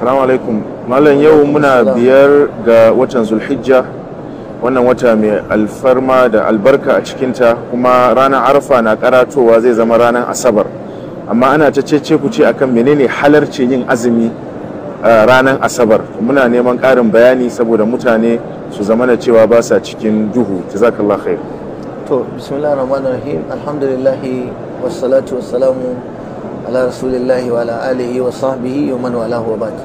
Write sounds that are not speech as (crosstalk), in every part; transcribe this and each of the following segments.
Assalamu alaikum. Malam yau muna biyar ga watan Zulhijja wannan wata mai alfarma da albarka a cikinta kuma ranar arfa na karatowa zai zama ranar asabar amma ana ta cece ku ce akan menene halarci yin azumi ranar asabar muna neman ƙarin bayani saboda mutane su zama na cewa ba sa cikin duhu jazakallah khair to bismillahir rahmanir rahim alhamdulillah wassalatu wassalamu ala rasulillahi wa ala alihi wa sahbihi wa man wala wa bat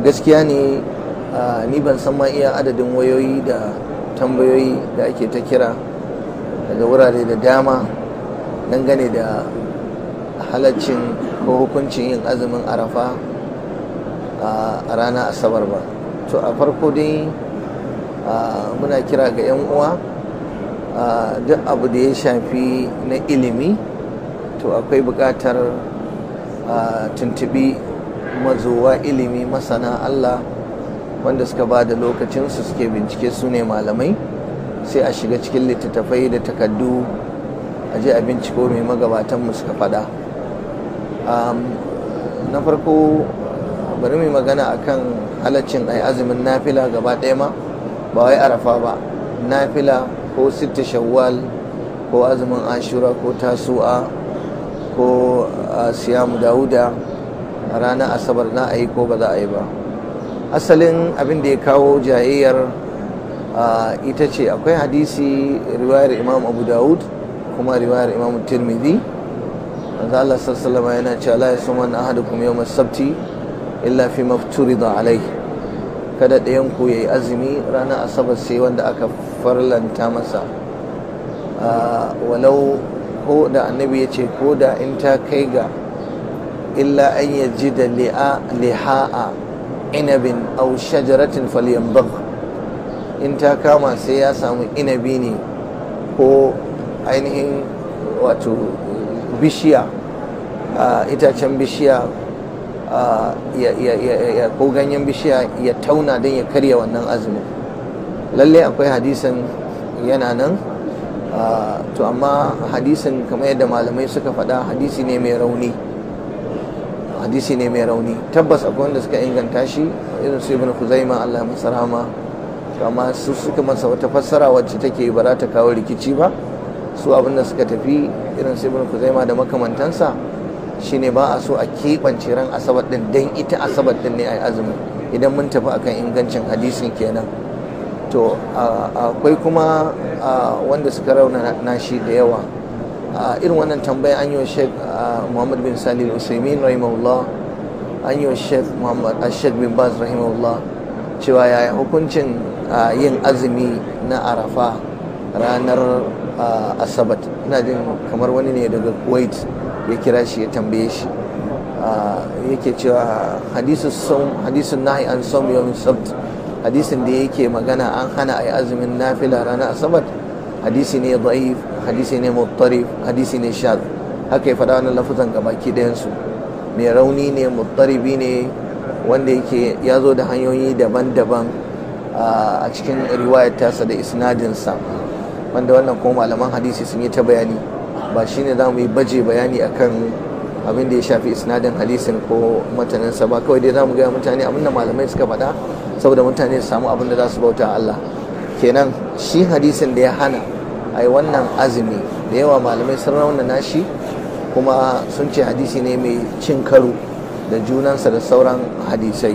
gaskiya ne ni ban san ma iya adadin wayoyi da tambayoyi da ake ta kira daga wurare da dama dangane da halaccin ko hukuncin yin azumin arafa a ranar asabar ba to a farko dai muna kira ga 'yan uwa duk abu da ya shafi na ilimi to akwai buƙatar tuntubi mazowa ilimi masana Allah wanda suka ba da lokacinsu suke bincike su ne malamai sai a shiga cikin littattafai da takaddu a je a binciko mai magabatanmu suka fada na farko bari mai magana akan halaccin ai azumin nafila gaba ɗaya ma ba wai arafa ba nafila ko sitta shawwal ko azumin ashura ko tasu'a ko a siyamu dauda a ranar asabar na a yi ko ba za a yi ba asalin abin da ya kawo jayayyar ita ce akwai hadisi riwayar imam abu dawud kuma riwayar imam tirmidhi manzo Allah sallallahu yana cewa la yasuman ahadukum yawm as-sabti illa fi mafturida alai kada ɗayan ku yayi azumi ranar asabar sai wanda aka farlanta masa walau ko da annabi ya ce ko da in ta kai ga illa an ji da a inabin au shajaratin falyambag in ta kama sai ya samu inabi ne ko ainihin wato bishiya itacen bishiya ko ganyen bishiya ya tauna don ya karya wannan azumin lallai akwai hadisan yana nan Ah, to amma hadisin kamar yadda malamai suka faɗa hadisi ne mai rauni hadisi ne mai rauni tabbas akwai wanda suka inganta shi irin su ibn kuzaima Allah masa rahama amma su suka masa wata fassara wacce take ba za ta kawo rikici ba su abinda suka tafi irin su ibn kuzaima da makamantansa shine ba a so a keɓance ran asabar din dan ita asabar din ne ai azumi idan mun tafi akan ingancin hadisin kenan to akwai kuma wanda suka rauna nashi da yawa irin wannan tambaya an yi wa sheik muhammad bin salil usaimin rahimahullah an yi wa ashek bin baz rahimahullah cewa yi hukuncin yin azumi na arafa ranar asabat ina jin kamar wani ne daga kuwait ya kira shi ya tambaye shi yake cewa hadisun nahi an som yawon sabt hadisin da yake magana an hana a yi azumin nafila ranar asabar hadisi ne da'if hadisi ne muttarif hadisi ne shaz haka ya faɗa wani lafuzan ga baki ɗayansu mai rauni ne muttaribi ne wanda yake ya zo da hanyoyi daban-daban a cikin riwayar tasa da isnadinsa wanda wannan kuma malaman hadisi sun yi ta bayani ba shine za mu yi baje bayani akan abin da ya shafi isnadin hadisin ko matanansa ba kawai dai za mu gaya mutane abin da malamai suka faɗa saboda mutane su samu abin da za su bauta Allah kenan shi hadisin da ya hana a yi wannan azumi da yawa malamai sun raunana nashi kuma sun ce hadisi ne mai cin karo da junansa da sauran hadisai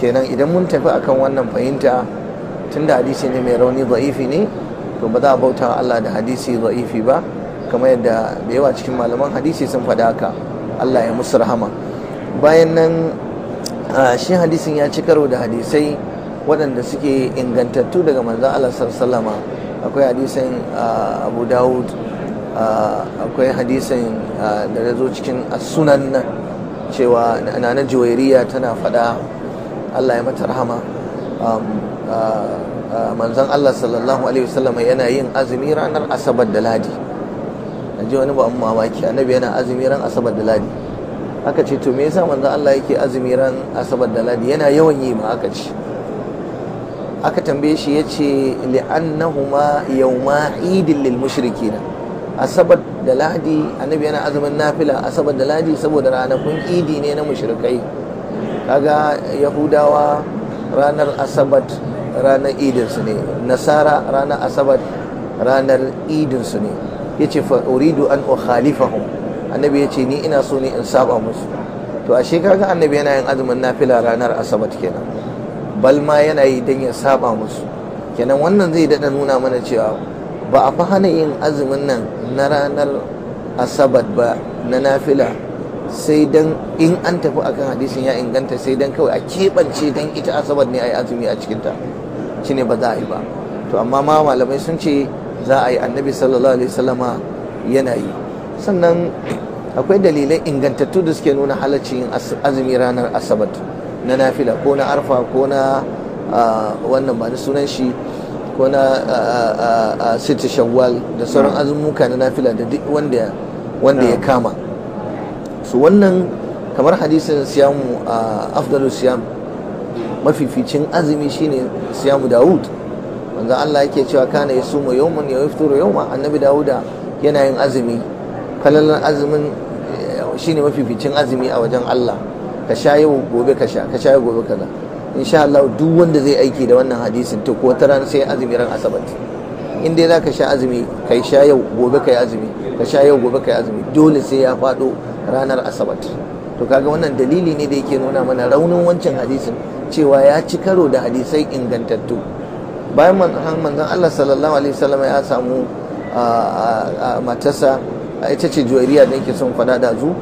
kenan idan mun tafi akan wannan fahimta tun da hadisi ne mai rauni za'ifi ne to ba za a bauta Allah da hadisi za'ifi ba kamar yadda da yawa cikin malaman hadisi sun faɗa haka Allah ya musu rahama bayan nan shi hadisin ya ci karo da hadisai waɗanda suke ingantattu daga manzan Allah Salama, akwai hadisan Abu Dawud akwai hadisan da ya zo cikin sunan cewa na juwairiya tana faɗa Allah ya mata rahama Manzan Allah sallallahu alaihi wasallam yana yin azumi ranar asabar da ladi ji wani ba mamaki annabi yana azumi ran asabar da ladi aka ce to me yasa manzo Allah yake azumi ran asabar da ladi yana yawan yi ma aka ce aka tambaye shi yace annahuma yawma idil lil mushrikeena asabar da ladi annabi yana azumin nafila asabar da ladi saboda ranakun idi ne na mushrikai kaga yahudawa ranar asabar ranar idinsu ne nasara ranar asabar ranar idinsu ne yace fa uridu an ukhalifahum annabi ya ce ni ina so ne in saba musu to ashe kaga annabi yana yin azumin nafila ranar asabar kenan bal ma yana yi don ya saba musu kenan wannan zai daɗa nuna mana cewa ba a fi hana yin azumin nan na ranar asabar ba na nafila sai dan in an tafi akan hadisin ya inganta sai dan kawai a keɓance dan ita asabar ne a yi azumi a cikinta shi ne ba za a yi ba to amma ma malamai sun ce za a yi annabi sallallahu alaihi wasallama yana yi sannan akwai dalilai ingantattu da suke nuna yin azumi ranar asabar na nafila ko na arfa ko na wannan ba sunan shi ko na city shawwal da sauran azumuka na nafila da duk wanda ya kama su wannan kamar hadisin siyamu a afdalu siyam mafificin azumi shine siyamu dawud manzo Allah yake cewa kana yasumu yawman ya yafturu yawma annabi dawuda yana yin azumi falalan azumin shine mafificin azumi a wajen Allah ka sha yau gobe ka sha ka sha yau gobe kaza insha Allah duk wanda zai aiki da wannan hadisin to ko ta ran sai azumi ran asabar in dai zaka sha azumi kai sha yau gobe kai azumi ka sha yau gobe kai azumi dole sai ya fado ranar asabar to kaga wannan dalili ne da yake nuna mana raunin wancan hadisin cewa ya ci karo da hadisai ingantattu bayan manzon Allah sallallahu alaihi wasallam ya samu matasa. ita ce juwairiya da yake son kwana da zu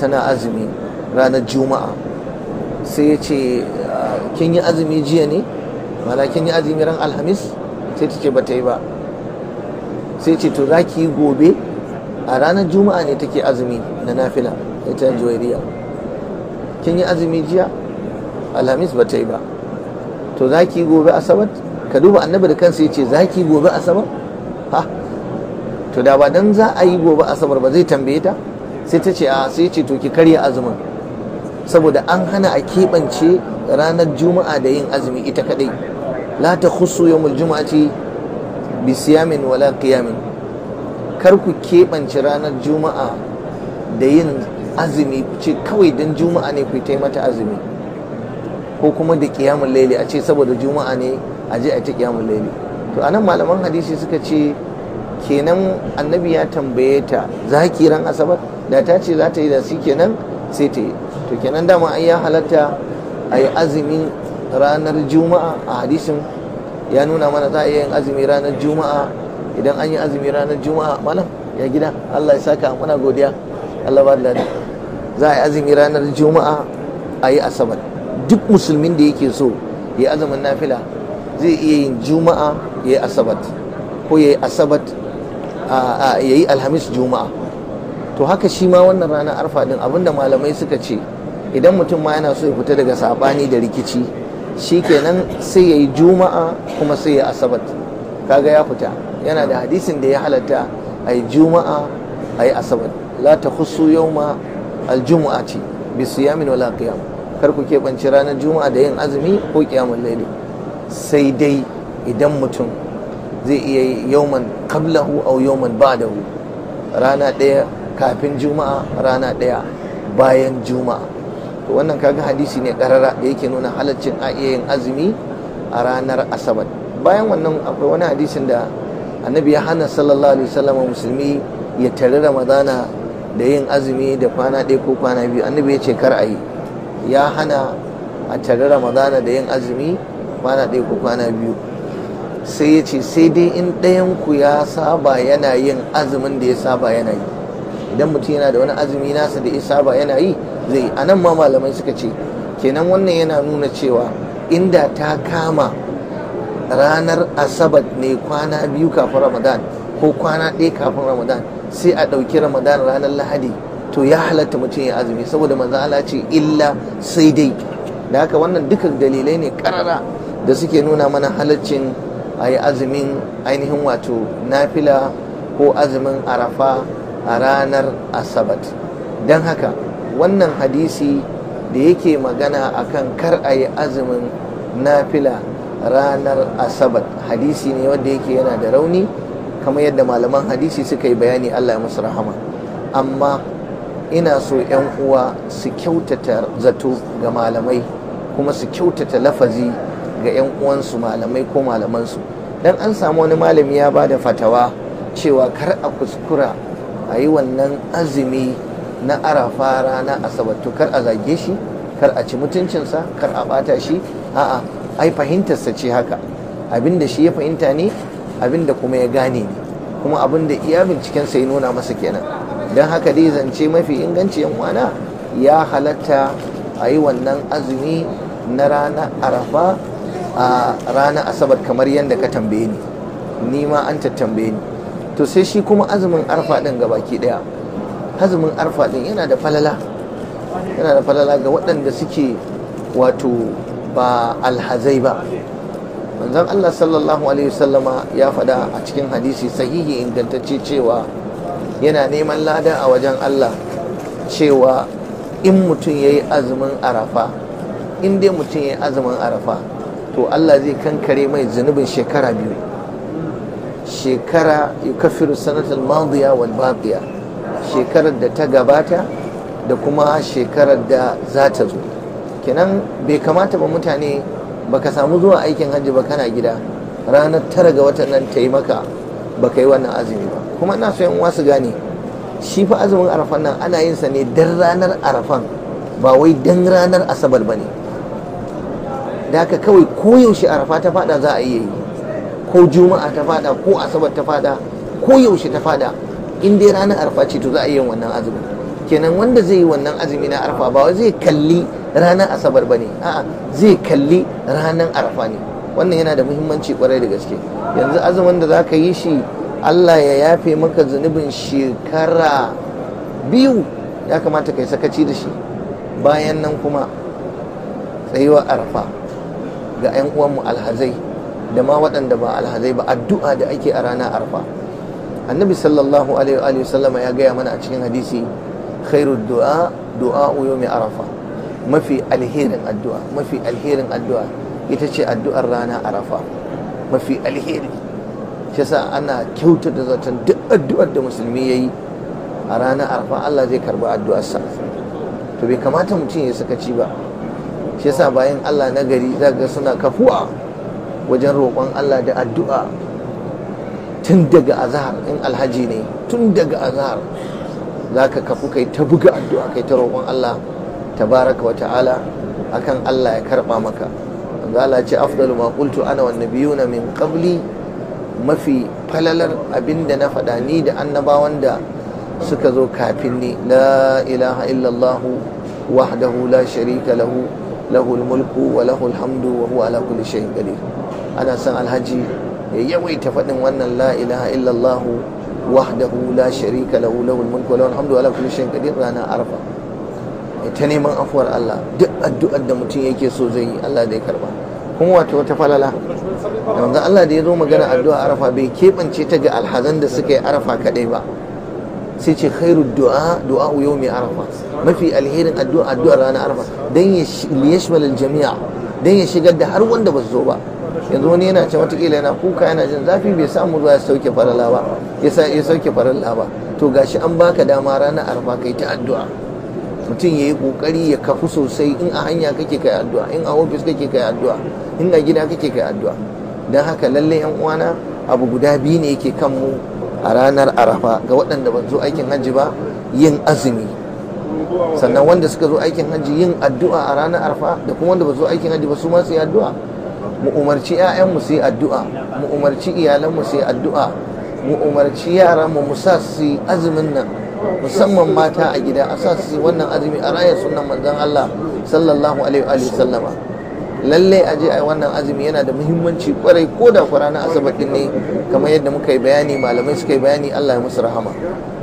tana azumi ranar juma'a sai ya ce kin yi azumi jiya ne mana kin yi azumi ran alhamis sai ta ce ba ta yi ba sai ce to za ki yi gobe a ranar juma'a ne take azumi na nafila ita juwairiya kin yi azumi jiya alhamis ba ta yi ba to za ki yi gobe asabar ka duba annabi da kansa ya ce za ki yi gobe asabar ha to da ba dan za a yi gobe asabar ba zai tambaye ta sai ta ce a sai ce to ki karya azumin saboda an hana a keɓance ranar juma'a da yin azumi ita kadai la ta khusu yawmul juma'ati bi siyamin wala qiyamin kar ku keɓance ranar juma'a da yin azumi ce kawai dan juma'a ne ku yi mata azumi ko kuma da qiyamul laili a ce saboda juma'a ne a je a ta qiyamul laili to anan malaman hadisi suka ce kenan annabi ya tambaye ta za ki ran asabar da ta ce za ta yi da su kenan sai ta yi to kenan dama an ya halatta a yi azumi ranar juma'a a hadisin ya nuna mana za a yi azumi ranar juma'a idan an yi azumi ranar juma'a malam ya gida allah ya saka muna godiya allah ba da za a yi azumi ranar juma'a a yi asabar duk musulmin da yake so ya azumin nafila zai iya yin juma'a ya yi asabar ko ya yi asabat ya yi alhamis juma'a to haka shi ma wannan ranar arfa din abinda malamai suka ce idan mutum ma yana so ya fita daga sabani da rikici shi kenan sai yi juma'a kuma sai ya asabar kaga ya fita yana da hadisin da ya halatta ayi juma'a ayi asabar la takhussu yawma aljum'ati bi ya wala qiyam kar ku keɓance ranar juma'a da yin azumi ko qiyamul laili sai dai idan mutum zai iya yi yauman qablahu aw yawman ba'dahu rana ɗaya kafin juma'a rana ɗaya bayan juma'a to wannan kaga hadisi ne karara da yake nuna halaccin a iya yin azumi a ranar asabar bayan wannan akwai wani hadisin da annabi ya hana sallallahu alaihi wasallam musulmi ya tare ramadana da yin azumi da kwana ɗaya ko kwana biyu annabi ya ce kar a yi ya hana a tare ramadana da yin azumi kwana ɗaya ko kwana biyu sai ya ce sai dai in ɗayan ku ya saba yana yin azumin da ya saba yana yi idan mutum yana da wani azumi nasa da ya saba yana yi zai a nan ma malamai suka ce kenan wannan yana nuna cewa inda ta kama ranar asabar ne kwana biyu kafin ramadan ko kwana ɗaya kafin ramadan sai a ɗauki ramadan ranar lahadi to ya halatta mutum ya azumi saboda manzo Allah ce illa sai dai da haka wannan duka dalilai ne karara da suke nuna mana halaccin a yi azumin ainihin wato nafila ko azumin arafa a ranar asabat don haka wannan hadisi da yake magana akan kar a yi azumin nafila ranar asabat hadisi ne wanda yake yana da rauni kamar yadda malaman hadisi suka yi bayani allah ya musu rahama amma ina so 'yan uwa su kyautata zato ga malamai kuma su kyautata lafazi ga 'yan uwansu malamai ko malamansu dan an samu wani malami ya ba da fatawa cewa kar a kuskura a yi wannan azumi na arafa rana asabar to kar a zage shi kar a ci mutuncinsa kar a bata shi a'a ai fahimtarsa ce haka abinda shi ya fahimta ne abinda kuma ya gane ne kuma abin da iya bincikensa ya nuna masa kenan don haka dai zance mafi inganci yan uwana ya halatta a yi wannan azumi na rana arafa a ranar asabar kamar yadda ka tambaye ni ni ma an tattambaye ni to sai shi kuma azumin arfa din baki daya azumin arfa din yana da falala yana da falala ga waɗanda suke wato ba alhazai ba manzon Allah sallallahu alaihi wasallama ya faɗa a cikin hadisi sahihi ingantacce cewa yana neman lada a wajen Allah cewa in mutum ya yi azumin arafa in dai mutum ya yi azumin arafa to Allah zai kankare mai zunubin shekara biyu shekara yukaffiru sanatul madiya wal baqiya shekarar da ta gabata da kuma shekarar da za ta zo kenan bai kamata ba mutane baka samu zuwa aikin hajji ba kana gida ranar tara ga watan nan ta yi maka baka yi wannan azumi ba kuma ina so yan uwa gane shi fa azumin arafan nan ana yin sa ne dan ranar arafan ba wai dan ranar asabar ba ne da haka kawai koyaushe arafa ta fada za a yi ko juma'a ta fada ko asabar ta fada ko yaushe ta fada in dai ranar arfa ce to za a yi wannan azumi kenan wanda zai yi wannan azumi na arfa ba zai kalli ranar asabar ba ne a'a zai kalli ranar arfa ne wannan yana da muhimmanci kwarai da gaske yanzu azumin da za ka yi shi allah ya yafe maka zunubin shekara biyu ya kamata ka yi sakaci da shi bayan nan kuma tsayuwar arfa ga 'yan uwanmu alhazai da ma waɗanda ba alhazai ba addu'a da ake a rana arfa annabi sallallahu alaihi wa sallama ya gaya mana a cikin hadisi khairu du'a du'a yawmi arafa mafi alherin addu'a mafi alherin addu'a ita ce addu'ar rana arafa mafi alheri shi sa ana kyautata zaton duk addu'ar da musulmi ya yi a rana arafa Allah zai karba addu'arsa to bai kamata mutum ya saka ci ba shi yasa bayan Allah na gari zaga suna kafuwa wajen roƙon Allah da addu'a tun daga azahar in alhaji ne tun daga azahar za ka kafu kai ta buga addu'a kai ta roƙon Allah tabaraka wa ta'ala akan Allah ya karɓa maka Allah ce afdalu ma qultu ana wan nabiyuna min qabli mafi falalar abinda na faɗa ni da annabawan da suka zo kafin ni la ilaha illallahu wahdahu la sharika lahu lahul mulku wa lahul hamdu wa huwa ala kulli shay'in qadir ana san alhaji ya yawaita faɗin wannan la ilaha illallah wahdahu la sharika lahu lahul mulku wa lahul hamdu wa ala kulli shay'in qadir rana arfa ta neman afuwar Allah duk addu'ar da mutum yake so zai yi Allah zai karba kuma wato wata falala yanzu Allah da ya zo magana addu'a arafa bai keɓance ta ga alhazan da suka yi arafa kaɗai ba sai ce khairu du'a du'a yawmi arafa mafi alherin addu'a addu'a ranar arafa dan ya yashmal jami'a dan ya shigar da har wanda ba su zo ba yanzu wani yana ce watakila yana kuka yana jin zafi bai samu zuwa ya sauke farala ba ya sauke farala ba to shi an baka dama ranar arfa kai ta addu'a mutum ya yi kokari ya kafu sosai in a hanya kake kai addu'a in a ofis kake kai addu'a in a gida kake kai addu'a don haka lallai yan uwana abu guda biyu ne yake kan mu a ranar arafa ga waɗanda ba zo aikin hajji ba yin azumi sannan wanda suka zo aikin hajji yin addu'a a ranar arafa da kuma wanda ba zo aikin hajji ba su ma su yi addu'a mu umarci 'ya'yanmu su yi addu'a mu umarci iyalanmu su yi addu'a mu umarci yaranmu mu sa su yi azumin nan musamman mata a gida a sa su yi wannan azumi a rayar sunan manzon Allah sallallahu alaihi wa sallama lalle a je a wannan azumi yana da muhimmanci kwarai ko da kwara na asabar din ne kamar yadda muka yi bayani malamai suka yi bayani Allah ya musu rahama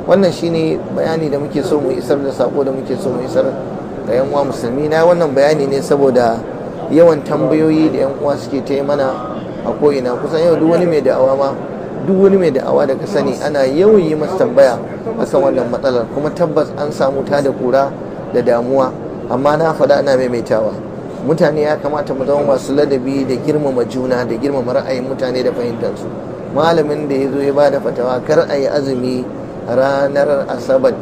wannan shine bayani da muke so mu isar da sako da muke so mu isar ga yan uwa musulmi na wannan bayani ne saboda yawan tambayoyi da yan uwa suke ta mana a ko ina kusan yau duk wani mai da'awa ma duk wani mai da'awa da sani ana yawan yi masa tambaya akan wannan matsalar kuma tabbas an samu ta da kura da damuwa amma na faɗa ana maimaitawa mutane ya kamata mu zama masu ladabi da girmama juna da girmama ra'ayin mutane da fahimtarsu malamin da ya zo ya bada fatawa kar a yi azumi ranar asabar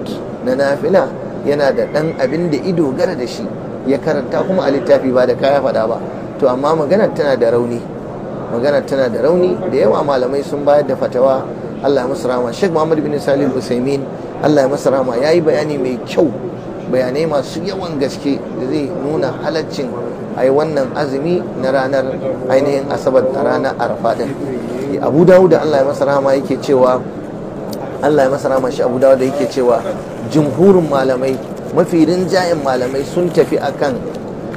na nafila yana da ɗan abin da ido gara da shi ya karanta kuma a littafi ba da kaya faɗa ba to amma magana tana da rauni magana tana da rauni da yawa malamai sun bayar da fatawa Allah ya musu rama Sheikh Muhammad bin Salim Usaimin Allah ya yi rama yayi bayani mai kyau bayanai masu yawan gaske da zai nuna halaccin ai wannan azumi na ranar ainihin asabar a ranar arafa din abu dawud da allah ya masa rahama yake cewa allah ya masa rahama shi abu dawud da yake cewa jumhurin malamai mafi rinjayen malamai sun tafi akan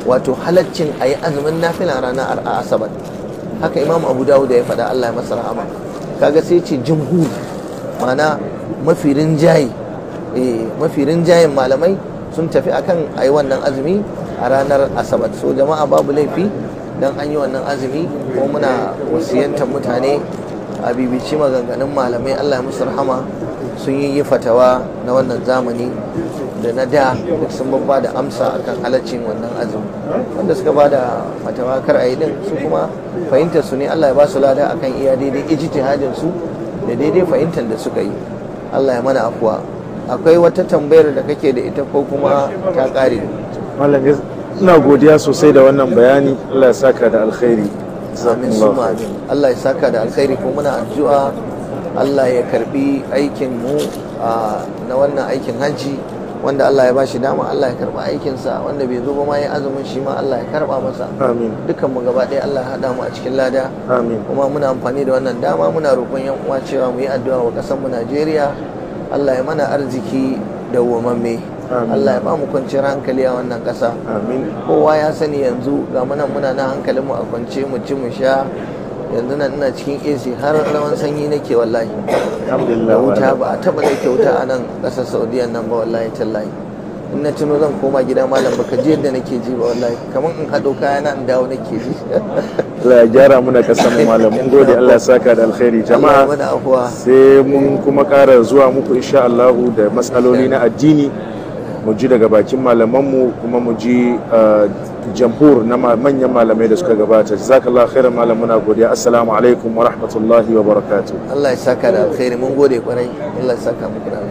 wato halaccin a yi azumin nafila ranar asabar haka imam abu dawud da ya faɗa allah ya masa rahama kaga sai ce jumhur mana mafi rinjaye eh, mafi rinjayen malamai sun tafi akan a yi wannan azumi a ranar asabar so jama'a babu laifi don an yi wannan azumi ko muna wasiyantar mutane a bibici maganganun malamai allah ya musu rahama sun yi yi fatawa na wannan zamani da na da duk sun babba da amsa akan halaccin wannan azumi wanda suka ba da fatawa kar a yi din su kuma fahimtar su ne allah ya ba su lada akan iya daidai ijtihadin su da daidai fahimtar da suka yi allah ya mana afuwa akwai wata tambayar da kake da ita ko kuma ta kare malam ina godiya sosai da wannan bayani Allah ya saka da alkhairi amin suma Allah ya saka da alkhairi ko muna addu'a Allah ya karbi aikin mu na wannan aikin hajji wanda Allah ya bashi dama Allah ya karba aikin sa wanda bai zo ba ma yi azumin shi ma Allah ya karba masa amin dukkan mu gaba ɗaya Allah ya hada mu a cikin lada amin kuma muna amfani da wannan dama muna roƙon yan uwa cewa mu yi addu'a wa ƙasar mu Najeriya Allah ya mana arziki dawwamamme Allah ya ba mu kwanciyar hankali a wannan ƙasa kowa ya sani yanzu ga munan muna na hankalin mu a kwance mu ci mu sha yanzu nan ina cikin AC har rawan sanyi nake wallahi da wuta ba a taba da wuta a nan ƙasar Saudiya nan ba wallahi tallahi in na tuno zan koma gida malam baka ji yadda nake ji ba wallahi kamar in kaya na in dawo nake ji (laughs) Allah ya gyara muna kasan malam mun gode Allah ya saka da alkhairi jama'a sai mun kuma ƙara zuwa muku insha Allah da matsaloli na addini mu ji daga bakin mu kuma mu ji uh, jamhur na manyan malamai da suka gabata jazakallahu khairan malam muna godiya assalamu alaikum wa rahmatullahi wa barakatuh Allah ya saka da alkhairi mun gode kwarai Allah ya saka muku da